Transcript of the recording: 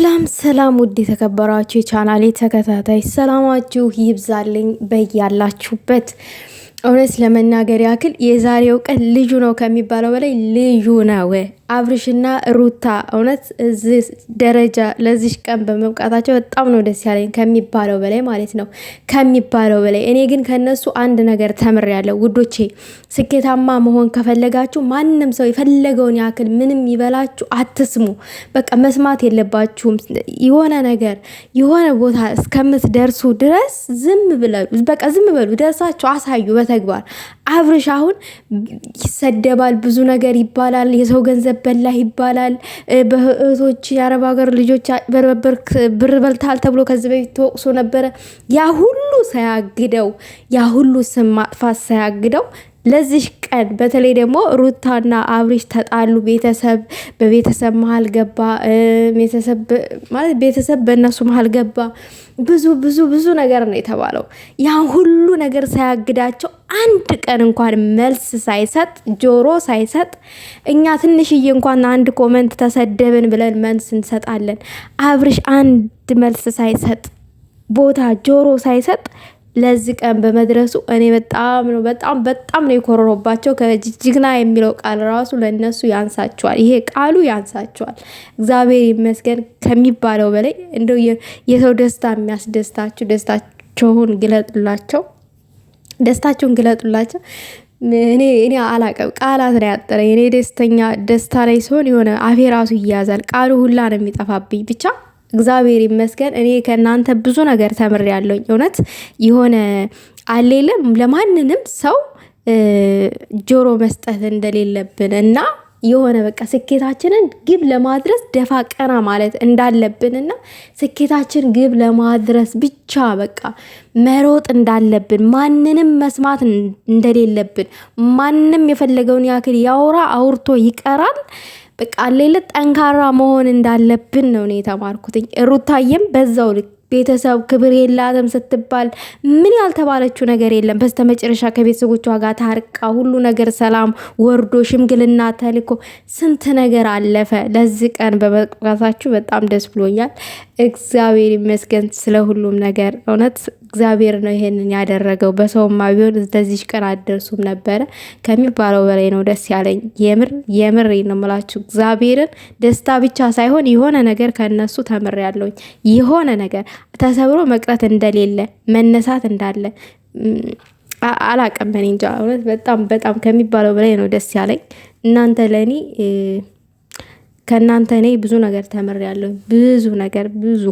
ሰላም ሰላም ውድ የተከበራችሁ የቻናሌ ተከታታይ ሰላማችሁ ይብዛልኝ በያላችሁበት። እውነት ለመናገር ያክል የዛሬው ቀን ልዩ ነው ከሚባለው በላይ ልዩ ነው። አብርሽና ሩታ እውነት እዚህ ደረጃ ለዚሽ ቀን በመብቃታቸው በጣም ነው ደስ ያለኝ ከሚባለው በላይ ማለት ነው ከሚባለው በላይ። እኔ ግን ከነሱ አንድ ነገር ተምሬያለሁ ውዶቼ። ስኬታማ መሆን ከፈለጋችሁ ማንም ሰው የፈለገውን ያክል ምንም ይበላችሁ አትስሙ። በቃ መስማት የለባችሁም። የሆነ ነገር የሆነ ቦታ እስከምትደርሱ ድረስ ዝም ብላችሁ በቃ ዝም በሉ። ደርሳችሁ አሳዩ በተ ተግባር አብርሽ አሁን ይሰደባል፣ ብዙ ነገር ይባላል፣ የሰው ገንዘብ በላህ ይባላል። በእህቶች የአረብ ሀገር ልጆች ብር በልታል ተብሎ ከዚህ በፊት ተወቅሶ ነበረ። ያ ሁሉ ሳያግደው ያ ሁሉ ስም ማጥፋት ሳያግደው ለዚህ ቀን በተለይ ደግሞ ሩታና አብሪሽ ተጣሉ፣ ቤተሰብ በቤተሰብ መሀል ገባ፣ ማለት ቤተሰብ በእነሱ መሀል ገባ። ብዙ ብዙ ብዙ ነገር ነው የተባለው። ያ ሁሉ ነገር ሳያግዳቸው አንድ ቀን እንኳን መልስ ሳይሰጥ ጆሮ ሳይሰጥ እኛ ትንሽዬ እንኳን አንድ ኮመንት ተሰደብን ብለን መልስ እንሰጣለን። አብርሽ አንድ መልስ ሳይሰጥ ቦታ ጆሮ ሳይሰጥ ለዚህ ቀን በመድረሱ እኔ በጣም ነው በጣም በጣም ነው የኮረሮባቸው። ከጅግና የሚለው ቃል ራሱ ለእነሱ ያንሳቸዋል፣ ይሄ ቃሉ ያንሳቸዋል። እግዚአብሔር ይመስገን ከሚባለው በላይ እንደው የሰው ደስታ የሚያስደስታችሁ ደስታቸውን ግለጡላቸው፣ ደስታቸውን ግለጡላቸው። እኔ እኔ አላቀም ቃላት ነው ያጠረ። እኔ ደስተኛ ደስታ ላይ ሲሆን የሆነ አፌ ራሱ ይያዛል፣ ቃሉ ሁላ ነው የሚጠፋብኝ ብቻ እግዚአብሔር ይመስገን እኔ ከእናንተ ብዙ ነገር ተምሬያለሁኝ። እውነት የሆነ አሌለም ለማንንም ሰው ጆሮ መስጠት እንደሌለብን እና የሆነ በቃ ስኬታችንን ግብ ለማድረስ ደፋ ቀና ማለት እንዳለብን እና ስኬታችን ግብ ለማድረስ ብቻ በቃ መሮጥ እንዳለብን ማንንም መስማት እንደሌለብን ማንም የፈለገውን ያክል ያውራ አውርቶ ይቀራል። በቃ ሌለ ጠንካራ መሆን እንዳለብን ነው እኔ የተማርኩትኝ። ሩታየም በዛው ልክ ቤተሰብ ክብር የላትም ስትባል ምን ያልተባለችው ነገር የለም። በስተ መጨረሻ ከቤተሰቦቿ ጋር ታርቃ ሁሉ ነገር ሰላም ወርዶ ሽምግልና ተልኮ ስንት ነገር አለፈ። ለዚህ ቀን በመብቃታችሁ በጣም ደስ ብሎኛል። እግዚአብሔር ይመስገን ስለ ሁሉም ነገር እውነት እግዚአብሔር ነው ይሄንን ያደረገው። በሰውማ ቢሆን እንደዚህ ቀን አደርሱም ነበረ። ከሚባለው በላይ ነው ደስ ያለኝ። የምር የምር ነው የምላችሁ እግዚአብሔርን ደስታ ብቻ ሳይሆን የሆነ ነገር ከነሱ ያለውኝ የሆነ ነገር ተሰብሮ መቅረት እንደሌለ መነሳት እንዳለ አላቀመን እንጃ። እውነት በጣም በጣም ከሚባለው በላይ ነው ደስ ያለኝ። እናንተ ለእኔ ከእናንተ እኔ ብዙ ነገር ተምር ተምሬያለሁ። ብዙ ነገር ብዙ